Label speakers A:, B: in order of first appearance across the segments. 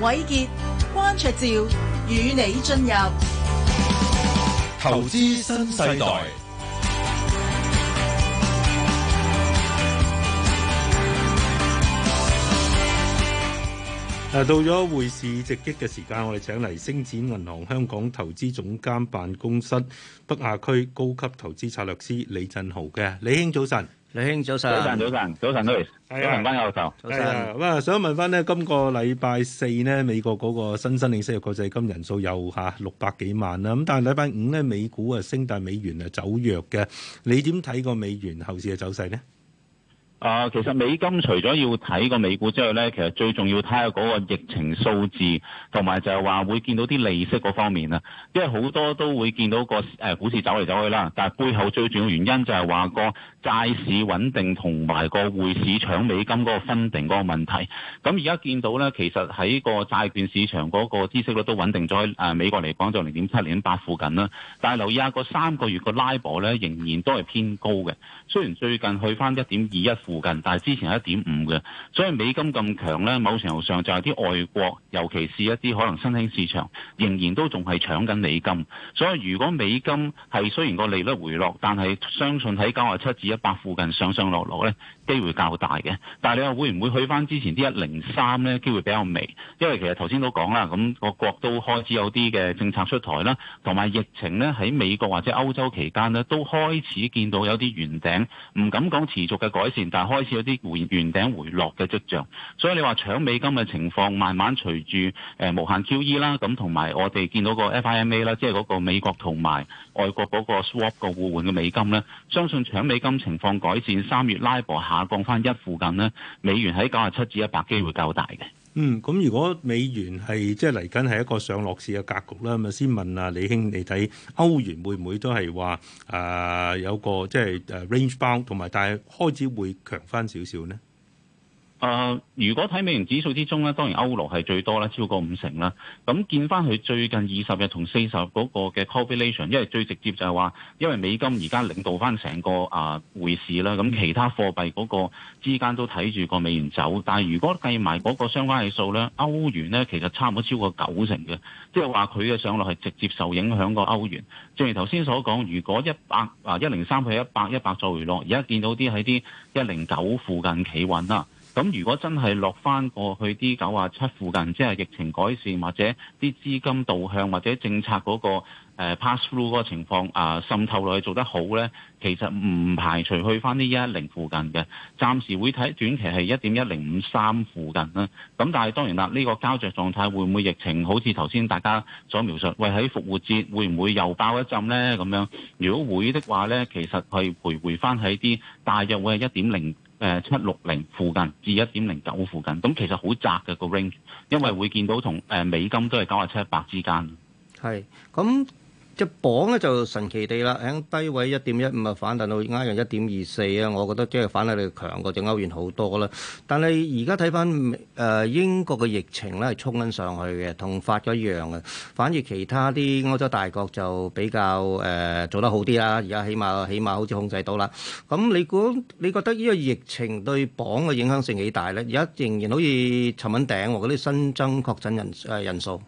A: 偉傑、關卓照與你進入投資新世代。嗱，到咗匯市直擊嘅時間，我哋請嚟星展銀行香港投資總監辦公室北亞區高級投資策略師李振豪嘅李兄，早晨。李兄，早晨，
B: 早晨，早晨，早晨，早晨，歡迎阿教授。早
A: 晨，哇、啊，想問翻咧，今個禮拜四呢，美國嗰個新申請失業國際金人數有吓六百幾萬啦。咁但係禮拜五呢，美股啊升，但美元啊走弱嘅。你點睇個美元後市嘅走勢呢？
B: 啊，其實美金除咗要睇個美股之外咧，其實最重要睇下嗰個疫情數字，同埋就係話會見到啲利息嗰方面啊。因為好多都會見到個誒股市走嚟走去啦，但係背後最重要原因就係話、那個。債市穩定同埋個匯市搶美金嗰個分定嗰個問題，咁而家見到呢，其實喺個債券市場嗰個孳息率都穩定咗，誒美國嚟講就零點七零點八附近啦。但係留意下個三個月個拉薄呢，仍然都係偏高嘅。雖然最近去翻一點二一附近，但係之前係一點五嘅，所以美金咁強呢，某程度上就係啲外國，尤其是一啲可能新興市場，仍然都仲係搶緊美金。所以如果美金係雖然個利率回落，但係相信喺九十七至一。一百附近上上落落咧，機會較大嘅。但係你話會唔會去翻之前啲一零三咧？機會比較微，因為其實頭先都講啦，咁、嗰個國都開始有啲嘅政策出台啦，同埋疫情咧喺美國或者歐洲期間咧，都開始見到有啲圓頂，唔敢講持續嘅改善，但係開始有啲回圓頂回落嘅跡象。所以你話搶美金嘅情況，慢慢隨住誒、呃、無限 QE 啦，咁同埋我哋見到個 FIMA 啦，即係嗰個美國同埋外國嗰個 swap 個互換嘅美金咧，相信搶美金。情況改善，三月拉布下降翻一附近呢。美元喺九十七至一百機會較大嘅。
A: 嗯，咁如果美元係即係嚟緊係一個上落市嘅格局啦，咁啊先問啊李兄，你睇歐元會唔會都係話啊有個即係誒 range bound，同埋但係開始會強翻少少呢？啊、呃！如果睇美元指數
B: 之中咧，當然歐羅係最多啦，超過五成啦。咁見翻佢最近二十日同四十嗰個嘅 correlation，因為最直接就係話，因為美金而家領導翻成個啊匯市啦。咁其他貨幣嗰個之間都睇住個美元走。但係如果計埋嗰個相關係數咧，歐元咧其實差唔多超過九成嘅，即係話佢嘅上落係直接受影響個歐元。正如頭先所講，如果一百啊一零三去一百一百做回落，而家見到啲喺啲一零九附近企穩啦。咁如果真係落翻過去啲九啊七附近，即係疫情改善或者啲資金導向或者政策嗰個 pass through 嗰個情況啊滲透落去做得好呢，其實唔排除去翻啲一零附近嘅。暫時會睇短期係一點一零五三附近啦。咁但係當然啦，呢個膠着狀態會唔會疫情好似頭先大家所描述？喂，喺復活節會唔會又爆一陣呢？咁樣如果會的話呢，其實係回回翻喺啲大約會係一點零。誒、呃，七六零附近至一點零九附近，咁、嗯、其實好窄嘅個 range，因為會見到同誒、呃、美金都係九啊七一百之間，
C: 係咁。隻榜咧就神奇地啦，喺低位一點一五啊，反彈到而家又一點二四啊！我覺得即係反彈力強過隻歐元好多啦。但係而家睇翻誒英國嘅疫情咧係衝緊上去嘅，同法國一樣嘅。反而其他啲歐洲大國就比較誒、呃、做得好啲啦。而家起碼起碼好似控制到啦。咁你估你覺得呢個疫情對榜嘅影響性幾大咧？而家仍然好似尋緊頂喎嗰啲新增確診人誒、呃、人數。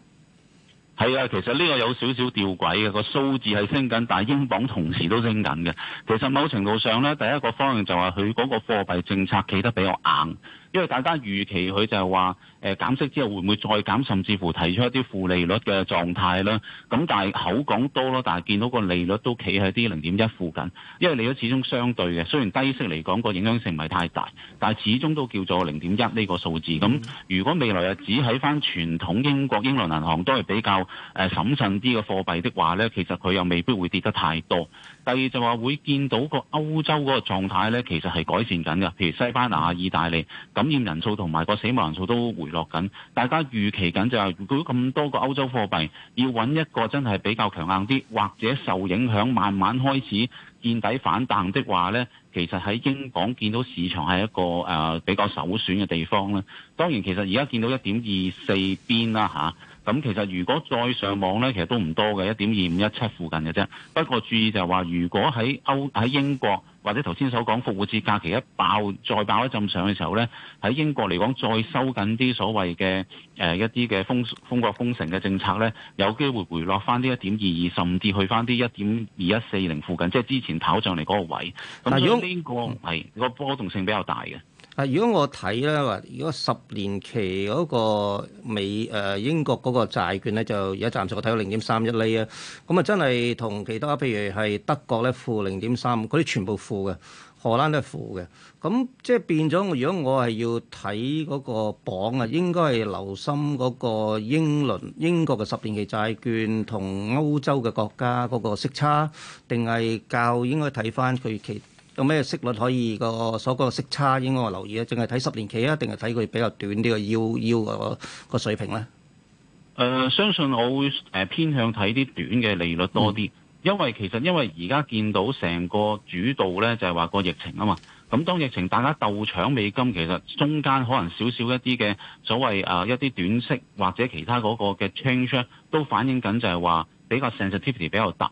B: 係啊，其實呢個有少少弔詭嘅，個數字係升緊，但係英鎊同時都升緊嘅。其實某程度上呢，第一個方向就係佢嗰個貨幣政策企得比較硬，因為大家預期佢就係話，誒減息之後會唔會再減，甚至乎提出一啲負利率嘅狀態啦？咁但係口講多咯，但係見到個利率都企喺啲零點一附近，因為利率始終相對嘅，雖然低息嚟講個影響性唔係太大，但係始終都叫做零點一呢個數字。咁如果未來呀只喺返傳統英國英倫銀行都係比較誒審慎啲嘅貨幣的話呢，其實佢又未必會跌得太多。第二就話會見到個歐洲嗰個狀態咧，其實係改善緊㗎，譬如西班牙、意大利感染人數同埋個死亡人數都回。娛樂緊，大家預期緊就係，如果咁多個歐洲貨幣要揾一個真係比較強硬啲，或者受影響慢慢開始見底反彈的話呢，其實喺英鎊見到市場係一個誒、呃、比較首選嘅地方咧。當然，其實而家見到一點二四邊啦嚇。啊咁其實如果再上網呢，其實都唔多嘅，一點二五一七附近嘅啫。不過注意就係話，如果喺歐喺英國或者頭先所講復活節假期一爆再爆一陣上嘅時候呢，喺英國嚟講再收緊啲所謂嘅誒、呃、一啲嘅封封國封城嘅政策呢，有機會回落翻啲一點二二，甚至去翻啲一點二一四零附近，即係之前跑上嚟嗰個位。咁如果英國呢個係個波動性比較大嘅。
C: 啊！如果我睇咧話，如果十年期嗰個美誒、呃、英國嗰個債券咧，就而家暫時我睇到零點三一厘啊。咁啊，真係同其他譬如係德國咧負零點三，嗰啲全部負嘅，荷蘭都係負嘅。咁即係變咗，如果我係要睇嗰個榜啊，應該係留心嗰個英倫英國嘅十年期債券同歐洲嘅國家嗰個息差，定係較應該睇翻佢其。有咩息率可以個所講嘅息差應該我留意咧？淨係睇十年期啊，定係睇佢比較短啲嘅 U U 個個水平咧？
B: 誒、呃，相信我會誒偏向睇啲短嘅利率多啲，嗯，因為其實因為而家見到成個主導咧就係話個疫情啊嘛。咁當疫情大家鬥搶美金，其實中間可能少少一啲嘅所謂誒一啲短息或者其他嗰個嘅 change 都反映緊就係話比較 sensitivity 比較大。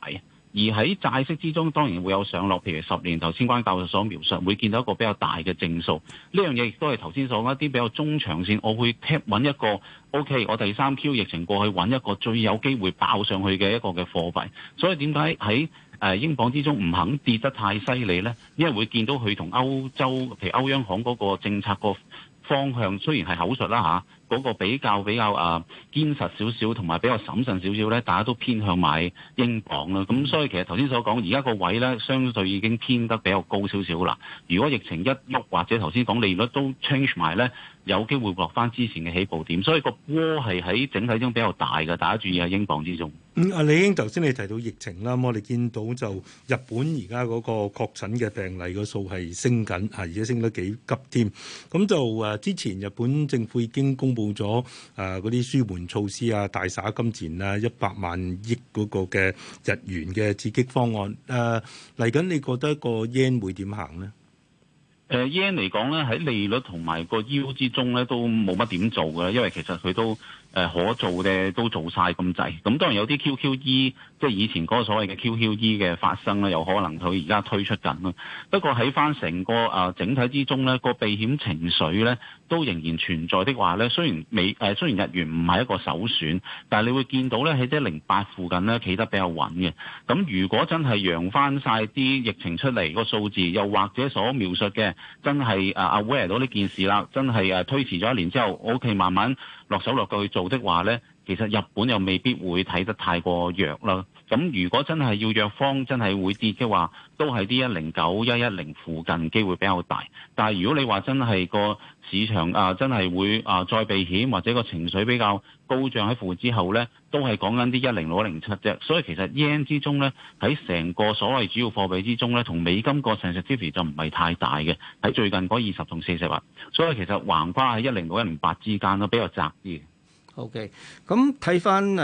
B: 而喺債息之中，當然會有上落。譬如十年頭先，關教授所描述，會見到一個比較大嘅正數。呢樣嘢亦都係頭先所講一啲比較中長線。我會睇揾一個 OK，我第三 Q 疫情過去揾一個最有機會爆上去嘅一個嘅貨幣。所以點解喺英鎊之中唔肯跌得太犀利呢？因為會見到佢同歐洲，譬如歐央行嗰個政策個方向，雖然係口述啦嚇嗰個比較比較啊堅實少少，同埋比較審慎少少咧，大家都偏向買英鎊啦。咁所以其實頭先所講，而家個位咧相對已經偏得比較高少少啦。如果疫情一喐，或者頭先講利率都 change 埋咧。有機會落翻之前嘅起步點，所以個波係喺整體中比較大嘅。大家注意喺英鎊之中。
A: 嗯，阿李英頭先你提到疫情啦，我哋見到就日本而家嗰個確診嘅病例個數係升緊，嚇而且升得幾急添。咁就誒之前日本政府已經公布咗誒嗰啲舒緩措施啊，大灑金錢啊，一百萬億嗰個嘅日元嘅刺激方案。誒嚟緊，你覺得個 yen 會點行呢？
B: 誒 YN 嚟講咧，喺利率同埋個 U 之中咧，都冇乜點做嘅，因為其實佢都誒、呃、可做咧，都做晒咁滯。咁當然有啲 QQE。即係以前嗰個所謂嘅 QQE 嘅發生咧，有可能佢而家推出緊，不過喺翻成個整體之中咧，個避險情緒咧都仍然存在的話咧，雖然未雖然日元唔係一個首選，但係你會見到咧喺一零八附近咧企得比較穩嘅。咁如果真係揚翻曬啲疫情出嚟，個數字又或者所描述嘅真係啊 aware 到呢件事啦，真係推遲咗一年之後，我屋企慢慢落手落腳去做的話咧，其實日本又未必會睇得太過弱啦。咁如果真係要藥方真係會跌嘅話，都係啲一零九一一零附近機會比較大。但係如果你話真係個市場啊真係會啊再避險或者個情緒比較高漲喺附之後呢，都係講緊啲一零六一零七啫。所以其實 yen 之中呢，喺成個所謂主要貨幣之中呢，同美金個 sentiment 就唔係太大嘅。喺最近嗰二十同四十日，所以其實橫跨喺一零六一零八之間都比較窄啲。
C: O.K. 咁睇翻誒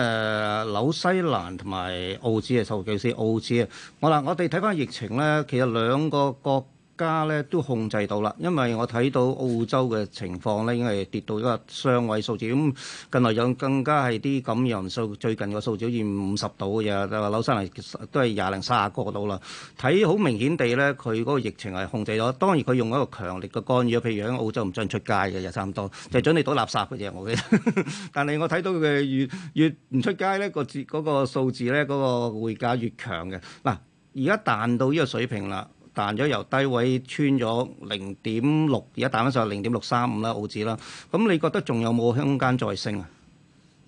C: 紐西蘭同埋澳紙嘅數據先，澳紙啊，好啦，我哋睇翻疫情咧，其實兩個國家咧都控制到啦，因為我睇到澳洲嘅情況咧已經係跌到一個雙位數字。咁近來有更加係啲咁樣數，最近個數字好似五十度嘅啫，就話紐西蘭都係廿零卅個度啦。睇好明顯地咧，佢嗰個疫情係控制咗。當然佢用一個強力嘅干預，譬如響澳洲唔準出街嘅，又差唔多，就是、準你倒垃圾嘅啫。我記得。但係我睇到佢嘅越越唔出街咧，個字嗰個數字咧，嗰、那個匯價越強嘅。嗱，而家彈到呢個水平啦。彈咗由低位穿咗零點六，而家彈翻上零點六三五啦，澳紙啦。咁你覺得仲有冇空間再升啊？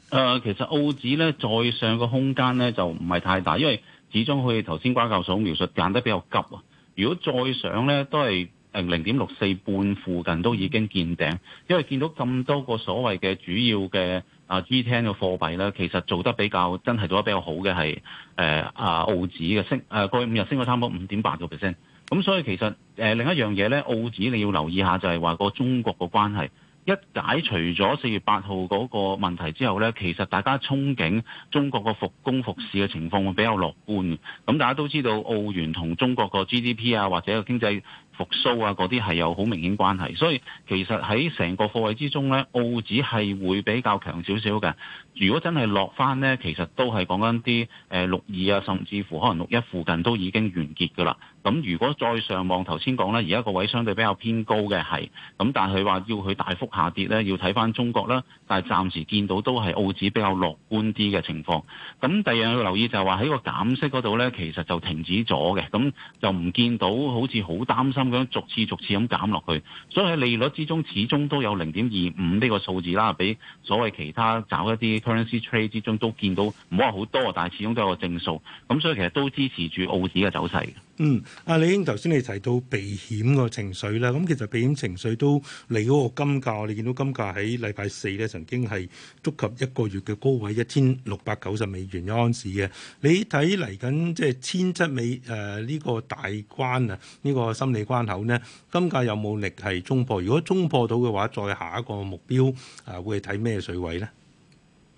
B: 誒、呃，其實澳紙咧再上個空間咧就唔係太大，因為始終佢頭先關教授描述彈得比較急啊。如果再上咧，都係零零點六四半附近都已經見頂，因為見到咁多個所謂嘅主要嘅啊，G10 嘅貨幣咧，其實做得比較真係做得比較好嘅係誒啊，澳紙嘅升誒、呃，過去五日升咗差唔多五點八個 percent。咁所以其實誒、呃、另一樣嘢呢，澳紙你要留意下就係、是、話個中國個關係，一解除咗四月八號嗰個問題之後呢，其實大家憧憬中國個復工復市嘅情況會比較樂觀。咁大家都知道澳元同中國個 GDP 啊或者個經濟。復甦啊，嗰啲係有好明顯關係。所以其實喺成個貨位之中咧，澳指係會比較強少少嘅。如果真係落翻咧，其實都係講緊啲誒六二啊，甚至乎可能六一附近都已經完結噶啦。咁如果再上望頭先講咧，而家個位相對比較偏高嘅，係咁但係佢話要佢大幅下跌咧，要睇翻中國啦。但係暫時見到都係澳指比較樂觀啲嘅情況。咁第二樣要留意就係話喺個減息嗰度咧，其實就停止咗嘅，咁就唔見到好似好擔心。咁樣逐次逐次咁減落去，所以喺利率之中始終都有零點二五呢個數字啦，比所謂其他找一啲 currency trade 之中都見到，唔好話好多，但係始終都有個正數，咁所以其實都支持住澳紙嘅走勢。
A: 嗯，阿李英，頭先你提到避險個情緒咧，咁其實避險情緒都嚟嗰個金價，我哋見到金價喺禮拜四咧曾經係觸及一個月嘅高位，一千六百九十美元一盎司嘅。你睇嚟緊即係千七美誒呢個大關啊，呢、呢個心理關口呢，金價有冇力係衝破？如果衝破到嘅話，再下一個目標啊、呃，會係睇咩水位呢？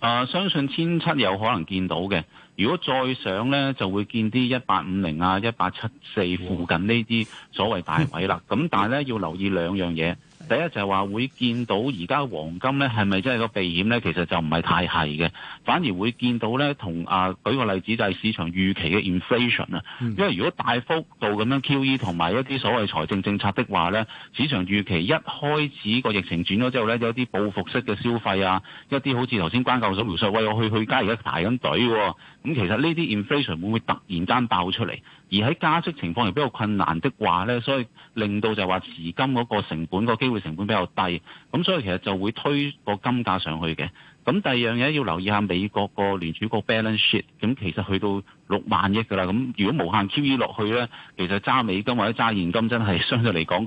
B: 啊、呃，相信千七有可能見到嘅。如果再上呢，就會見啲一八五零呀、一八七四附近呢啲所謂大位喇。咁但係呢，要留意兩樣嘢。第一就係話會見到而家黃金咧係咪真係個避險咧？其實就唔係太係嘅，反而會見到咧同啊，舉個例子就係市場預期嘅 inflation 啊。因為如果大幅度咁樣 QE 同埋一啲所謂財政政策的話咧，市場預期一開始個疫情轉咗之後咧，有啲報復式嘅消費啊，一啲好似頭先關教授所描述，喂我去去街而家排緊隊喎，咁、嗯、其實呢啲 inflation 會唔會突然間爆出嚟？而喺加息情況又比較困難的話咧，所以令到就係話，持金嗰個成本個機會成本比較低，咁所以其實就會推個金價上去嘅。咁第二樣嘢要留意下美國個聯儲個 balance sheet，咁其實去到六萬億噶啦，咁如果無限 QE 落去呢，其實揸美金或者揸現金真係相對嚟講、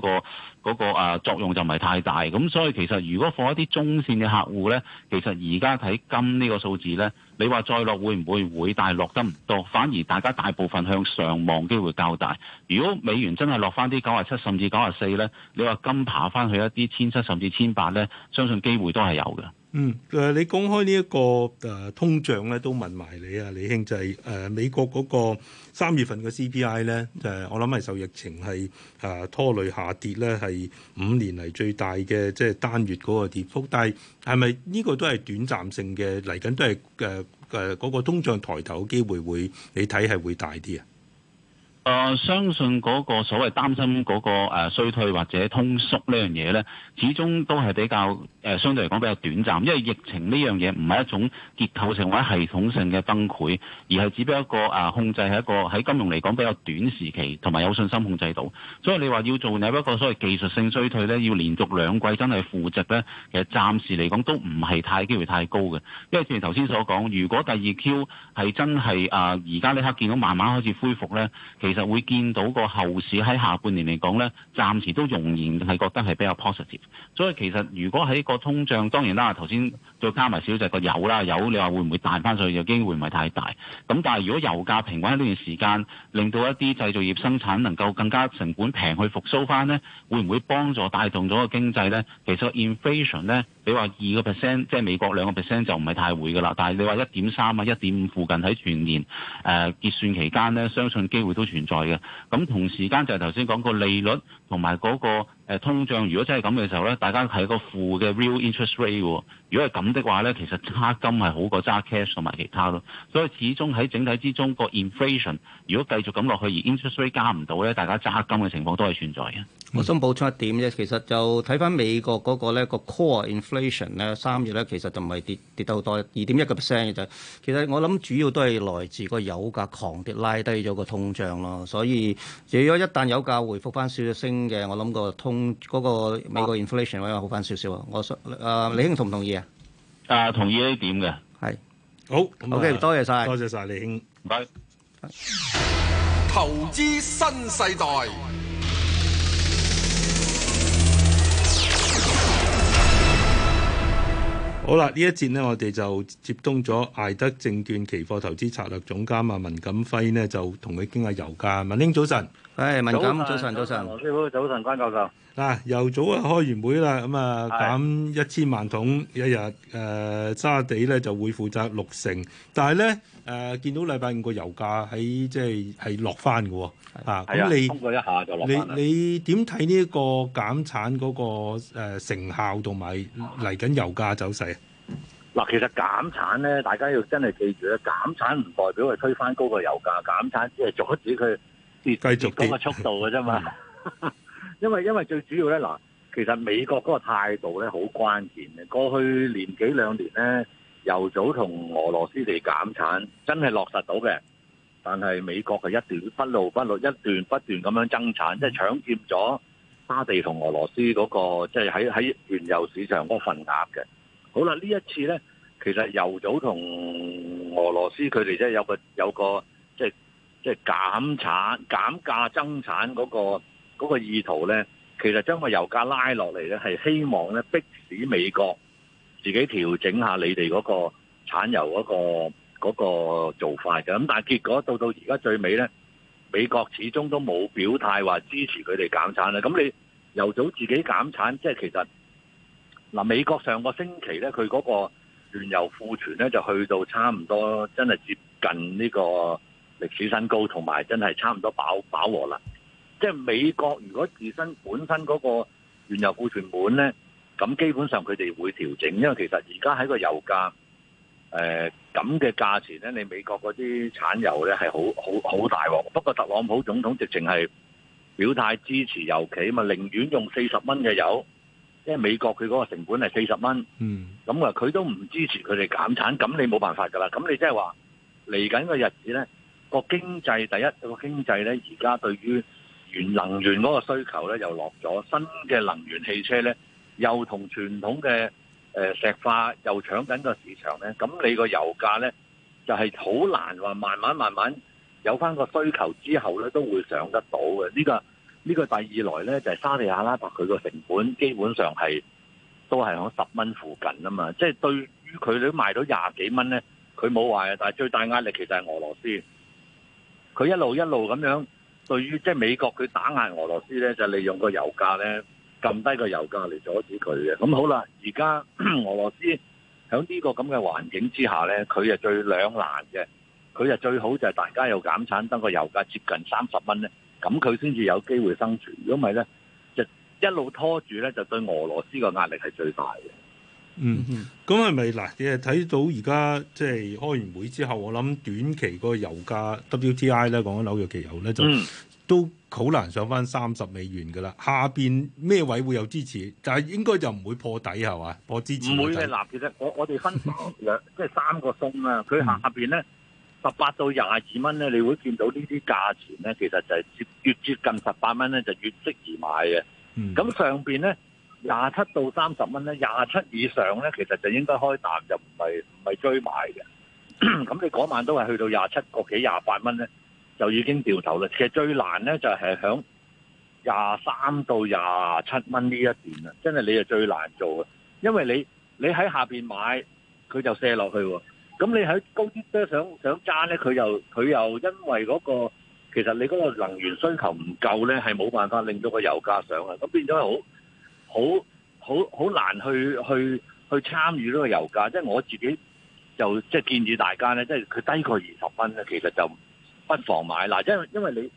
B: 個嗰、個啊作用就唔係太大。咁所以其實如果放一啲中線嘅客戶呢，其實而家睇金呢個數字呢，你話再落會唔會會，但係落得唔多，反而大家大部分向上望機會較大。如果美元真係落翻啲九啊七甚至九啊四呢，你話金爬翻去一啲千七甚至千八呢，相信機會都係有嘅。
A: 嗯，誒你講開呢一個誒、啊、通脹咧，都問埋你啊，李兄，就係誒美國嗰個三月份嘅 CPI 咧，誒我諗係受疫情係誒、啊、拖累下跌咧，係五年嚟最大嘅即係單月嗰個跌幅，但係係咪呢個都係短暫性嘅？嚟緊都係誒誒嗰個通脹抬頭嘅機會會，你睇係會大啲啊？
B: 啊、呃，相信嗰個所謂擔心嗰個衰退或者通縮呢樣嘢呢，始終都係比較、呃、相對嚟講比較短暫，因為疫情呢樣嘢唔係一種結構性或者系統性嘅崩潰，而係只不過一個、啊、控制係一個喺金融嚟講比較短時期同埋有，有信心控制到，所以你話要做有一個所謂技術性衰退呢，要連續兩季真係負值呢。其實暫時嚟講都唔係太機會太高嘅，因為正如頭先所講，如果第二 Q 係真係啊而家呢刻見到慢慢開始恢復呢。其實會見到個後市喺下半年嚟講呢，暫時都仍然係覺得係比較 positive。所以其實如果喺個通脹，當然啦，頭先再加埋小只個油啦，油你話會唔會彈翻上去這個、機會唔係太大。咁但係如果油價平穩喺呢段時間，令到一啲製造業生產能夠更加成本平去復蘇翻呢，會唔會幫助帶動咗個經濟呢？其實個 inflation 呢，你話二個 percent，即係美國兩個 percent 就唔係太會噶啦。但係你話一點三啊、一點五附近喺全年誒、呃、結算期間呢，相信機會都全存在嘅，咁同時間就係頭先講個利率同埋嗰個。誒通脹如果真係咁嘅時候咧，大家係個負嘅 real interest rate 喎。如果係咁的話咧，其實揸金係好過揸 cash 同埋其他咯。所以始終喺整體之中個 inflation 如果繼續咁落去，而 interest rate 加唔到咧，大家揸金嘅情況都係存在嘅。嗯、
C: 我想補充一點啫，其實就睇翻美國嗰個咧個 core inflation 咧三月咧，其實就唔係跌跌得多。二點一個 percent 嘅啫。其實我諗主要都係來自個油價狂跌拉低咗個通脹咯。所以如果一旦油價回復翻少少升嘅，我諗個通嗰、嗯那個美國 inflation 會好返少少啊！我誒、呃，李兄同唔同意啊？
B: 誒，同意
A: 呢一點嘅，係好。OK，多謝晒。多謝晒，李兄。
B: 拜。投資新世代。
A: 好啦，呢一節呢，我哋就接通咗艾德證券期貨投資策略總監啊，文錦輝呢，就同佢傾下油價。文兄早晨，誒、哎，文錦早晨早晨，黃師傅早
D: 晨，關教授。
A: 嗱，由早啊，開完會啦，咁啊，減一千萬桶一日，誒沙地咧就會負責六成，但係咧誒見到禮拜五個油價喺即係係落翻嘅喎，啊咁你通過一下就落翻啦。你你點睇呢一個減產嗰個誒成效同埋嚟緊油價走勢
D: 啊？嗱，其實減產咧，大家要真係記住咧，減產唔代表係推翻高個油價，減產只係阻止佢繼續跌跌嗰個速度嘅啫嘛。因為因為最主要咧，嗱，其實美國嗰個態度咧好關鍵嘅。過去年幾兩年咧，油組同俄羅斯嚟減產，真係落實到嘅。但係美國係一段不露不露，一段不斷咁樣增產，即係搶佔咗沙地同俄羅斯嗰個即係喺喺原油市場嗰份額嘅。好啦，呢一次咧，其實油組同俄羅斯佢哋即係有個有個即係即係減產減價增產嗰個，嗰個意圖呢，其實將個油價拉落嚟呢，係希望呢迫使美國自己調整下你哋嗰個產油嗰個嗰個做法嘅。咁但係結果到到而家最尾呢，美國始終都冇表態話支持佢哋減產咧。咁你由早自己減產，即係其實嗱，美國上個星期呢，佢嗰個原油庫存呢，就去到差唔多，真係接近呢個歷史新高，同埋真係差唔多飽飽和啦。即係美國如果自身本身嗰個原油庫存本呢，咁基本上佢哋會調整，因為其實而家喺個油價誒咁嘅價錢呢，你美國嗰啲產油呢係好好大鑊。不過特朗普總統直情係表態支持油企嘛，寧願用四十蚊嘅油，即係美國佢嗰個成本係四十蚊。嗯。咁啊，佢都唔支持佢哋減產，咁你冇辦法噶啦。咁你即係話嚟緊個日子呢，個經濟第一，個經濟呢而家對於。原能源嗰個需求咧又落咗，新嘅能源汽車咧又同傳統嘅誒石化又搶緊個市場咧，咁你個油價咧就係、是、好難話慢慢慢慢有翻個需求之後咧都會上得到嘅。呢、這個呢、這個第二來咧就係、是、沙地阿拉伯佢個成本基本上係都係響十蚊附近啊嘛，即、就、係、是、對於佢哋都賣到廿幾蚊咧，佢冇壞啊。但係最大壓力其實係俄羅斯，佢一路一路咁樣。對於即係美國佢打壓俄羅斯咧，就是、利用個油價咧撳低個油價嚟阻止佢嘅。咁好啦，而家俄羅斯喺呢個咁嘅環境之下咧，佢係最兩難嘅，佢係最好就係大家有減產，等個油價接近三十蚊咧，咁佢先至有機會生存。如果唔係咧，就一路拖住咧，就對俄羅斯個壓力係最大嘅。
A: 嗯嗯，咁係咪嗱？你係睇到而家即係開完會之後，我諗短期個油價 WTI 咧，講緊紐約期油咧，就都好難上翻三十美元噶啦。下邊咩位會有支持？但係應該就唔會破底係嘛？破支持唔會嘅，嗱，
D: 其實我我哋分兩 即係三個鐘啦、啊、佢下邊咧十八到廿二蚊咧，你會見到價呢啲價錢咧，其實就係越越接近十八蚊咧，就越適宜買嘅。咁上邊咧。廿七到三十蚊咧，廿七以上咧，其實就應該開淡，就唔係唔係追買嘅。咁 你嗰晚都係去到廿七個幾廿八蚊咧，就已經掉頭啦。其實最難咧就係響廿三到廿七蚊呢一段啊，真係你係最難做嘅，因為你你喺下面買佢就卸落去喎。咁你喺高啲都想想揸咧，佢又佢又因為嗰個其實你嗰個能源需求唔夠咧，係冇辦法令到個油價上啊。咁變咗好。好好好難去去去參與呢個油價，即係我自己就即係建議大家咧，即係佢低過二十蚊咧，其實就不妨買啦。因為因為你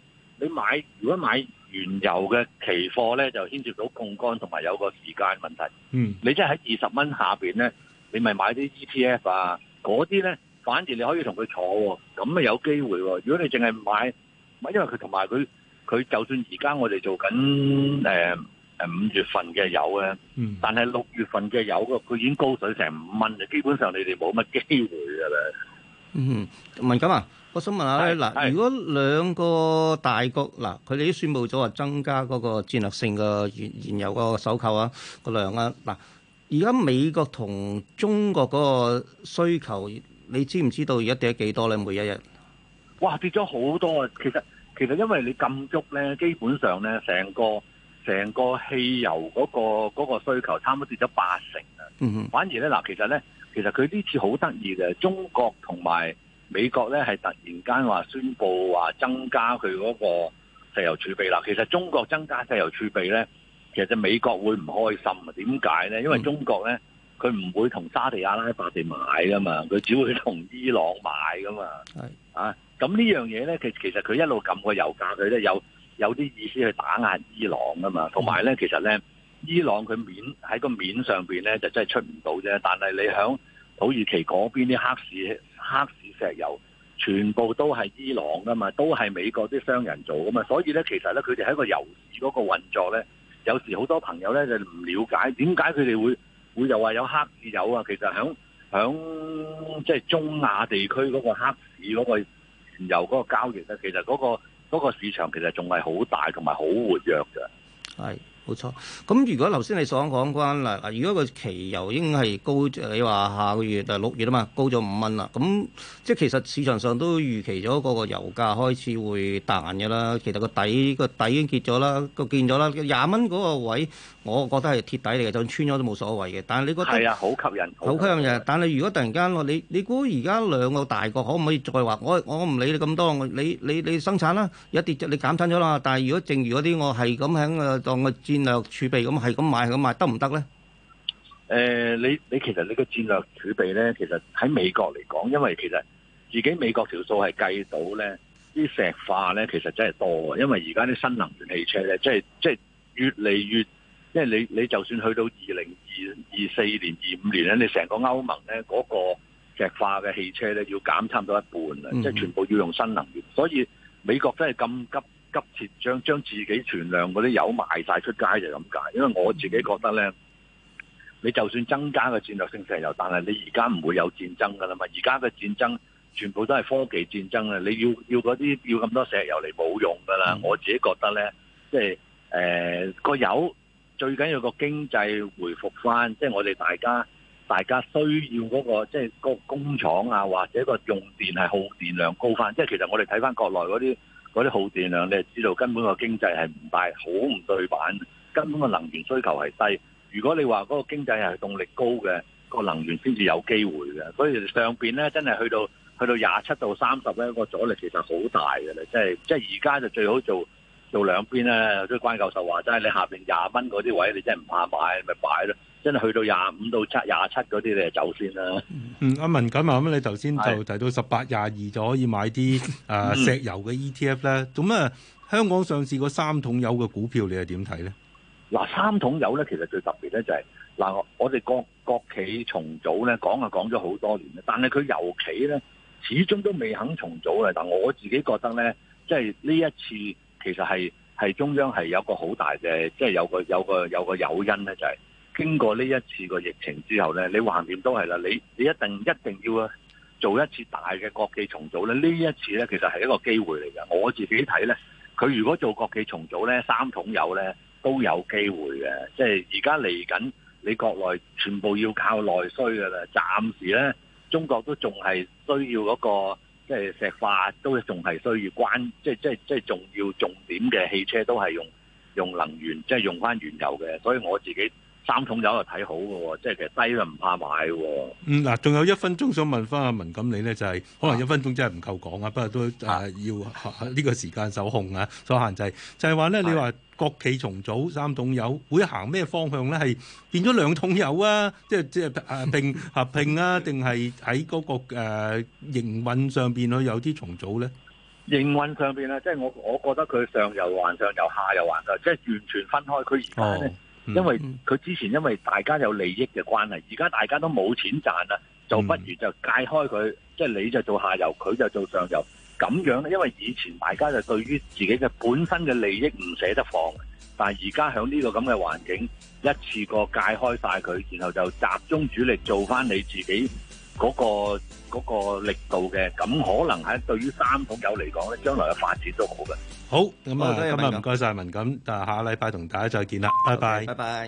D: 你買如果買原油嘅期貨咧，就牽涉到槓桿同埋有個時間問題。嗯，你即係喺二十蚊下邊咧，你咪買啲 ETF 啊，嗰啲咧反而你可以同佢坐，咁啊有機會。如果你淨係買，係因為佢同埋佢佢就算而家我哋做緊誒。呃五月份嘅油咧，但係六月份嘅油個佢已經高水成五蚊，就基本上你哋冇乜機
C: 會噶啦。嗯，唔係咁啊，我想問下咧，嗱，如果兩個大國嗱，佢哋都宣佈咗話增加嗰個戰略性嘅原原油個收購啊個量啊，嗱，而家美國同中國嗰個需求，你知唔知道而家跌咗幾多咧？每一日，哇，
D: 跌咗好多啊！其實其實因為你禁足咧，基本上咧成個。成個汽油嗰個嗰個需求差唔多跌咗八成啊！Mm -hmm. 反而咧嗱，其實咧，其實佢呢次好得意嘅，中國同埋美國咧，係突然間話宣布話增加佢嗰個石油儲備啦。其實中國增加石油儲備咧，其實美國會唔開心啊？點解咧？因為中國咧，Mm-hmm. 佢唔會同沙地阿拉伯地買噶嘛，佢只會同伊朗買噶嘛。
B: Mm
D: -hmm. 啊，咁呢樣嘢咧，其其實佢一路撳個油價，佢都有，有啲意思去打壓伊朗噶嘛，同埋咧，其實咧，伊朗佢面喺個面上邊咧就真係出唔到啫。但係你響土耳其嗰邊啲黑市黑市石油，全部都係伊朗噶嘛，都係美國啲商人做噶嘛。所以咧，其實咧，佢哋喺個油市嗰個運作咧，有時好多朋友咧就唔了解點解佢哋會會又話有黑市油啊。其實響響即係中亞地區嗰個黑市嗰個原油嗰個交易咧，其實嗰個。嗰個市場其實仲係好大，同埋好活躍嘅。
C: 係。冇錯，咁如果頭先你所講關啦，如果個期油已經係高，你話下個月就六月啊嘛，高咗五蚊啦，咁即係其實市場上都預期咗嗰個油價開始會彈嘅啦。其實個底個底已經結咗啦，個見咗啦。廿蚊嗰個位，我覺得係鐵底嚟嘅，就算穿咗都冇所謂嘅。但係你覺得係啊，好吸引，好吸引人。但係如果突然間我你你估而家兩個大國可唔可以再話我我唔理你咁多，你你你生產啦，一跌就你減產咗啦。但係如果正如嗰啲我係咁喺啊當個。戰略儲備咁係咁買，咁買得唔得呢？
D: 誒、呃，你你其實你個戰略儲備呢，其實喺美國嚟講，因為其實自己美國條數係計到呢啲石化呢，其實真係多，因為而家啲新能源汽車呢，即係即係越嚟越，即係你你就算去到二零二二四年二五年整呢，你成個歐盟呢嗰個石化嘅汽車呢，要減差唔多一半啦，即、嗯、係全部要用新能源，所以美國真係咁急。急切將將自己存量嗰啲油賣晒出街就咁解，因為我自己覺得呢，你就算增加個戰略性石油，但係你而家唔會有戰爭噶啦嘛。而家嘅戰爭全部都係科技戰爭啊！你要要嗰啲要咁多石油嚟冇用噶啦。Mm. 我自己覺得呢，即係誒個油最緊要個經濟回復翻，即係我哋大家大家需要嗰個即係個工廠啊或者個用電係耗電量高翻，即係其實我哋睇翻國內嗰啲。嗰啲耗電量，你係知道根本個經濟係唔大，好唔對版，根本個能源需求係低。如果你話嗰個經濟係動力高嘅，個能源先至有機會嘅。所以上邊咧真係去到去到廿七到三十咧，個阻力其實好大嘅咧，即係即係而家就最好做做兩邊咧。都關教授話齋，係你下邊廿蚊嗰啲位，你真係唔怕買，咪買咯。真係去到廿五到七、廿七嗰啲，你就走先
A: 啦。嗯，阿文錦啊，咁、嗯、你頭先就提到十八、廿二就可以買啲誒、啊、石油嘅 ETF 咧。咁、嗯、啊，香港上市嗰三桶油嘅股票，你又點睇咧？
D: 嗱、啊，三桶油咧，其實最特別咧就係、是、嗱、啊，我我哋國國企重組咧講啊講咗好多年，但係佢油企咧始終都未肯重組嘅。但我自己覺得咧，即係呢一次其實係係中央係有,、就是、有個好大嘅，即係有個有個有個誘因咧、就是，就係。經過呢一次個疫情之後咧，你橫掂都係啦，你你一定一定要做一次大嘅國企重組咧。呢一次咧，其實係一個機會嚟嘅。我自己睇咧，佢如果做國企重組咧，三桶油咧都有機會嘅。即係而家嚟緊，你國內全部要靠內需噶啦。暫時咧，中國都仲係需要嗰個，即係石化都仲係需要關，即係即係即係重要重點嘅汽車都係用用能源，即係用翻原油嘅。所以我自己。三桶油就睇好嘅喎，即係其實低咧唔
A: 怕買。嗯，嗱，仲有一分鐘想問翻阿文總理咧，就係、是、可能一分鐘真係唔夠講啊，不過都啊要呢個時間手控啊，所限制就係話咧，你話國企重組三桶油會行咩方向咧？係變咗兩桶油啊，即係即係啊並合併啊，定係喺嗰個誒營運上邊去有啲重組咧？
D: 營運上邊咧，即係、就是、我我覺得佢上游環、上游下游環啊，即、就、係、是、完全分開佢呢。佢而家因為佢之前因為大家有利益嘅關係，而家大家都冇錢賺啦，就不如就解開佢，即係你就做下游，佢就做上游，咁樣咧。因為以前大家就對於自己嘅本身嘅利益唔捨得放，但係而家響呢個咁嘅環境，一次過解開晒佢，然後就集中主力做翻你自己。嗰、那個嗰、那個、力度嘅，咁可能喺對於三桶油嚟講
C: 咧，將來嘅發展都好嘅。
A: 好，咁啊，咁啊唔該晒文錦輝，咁下個禮拜同大家再見啦，拜拜，okay, 拜
C: 拜。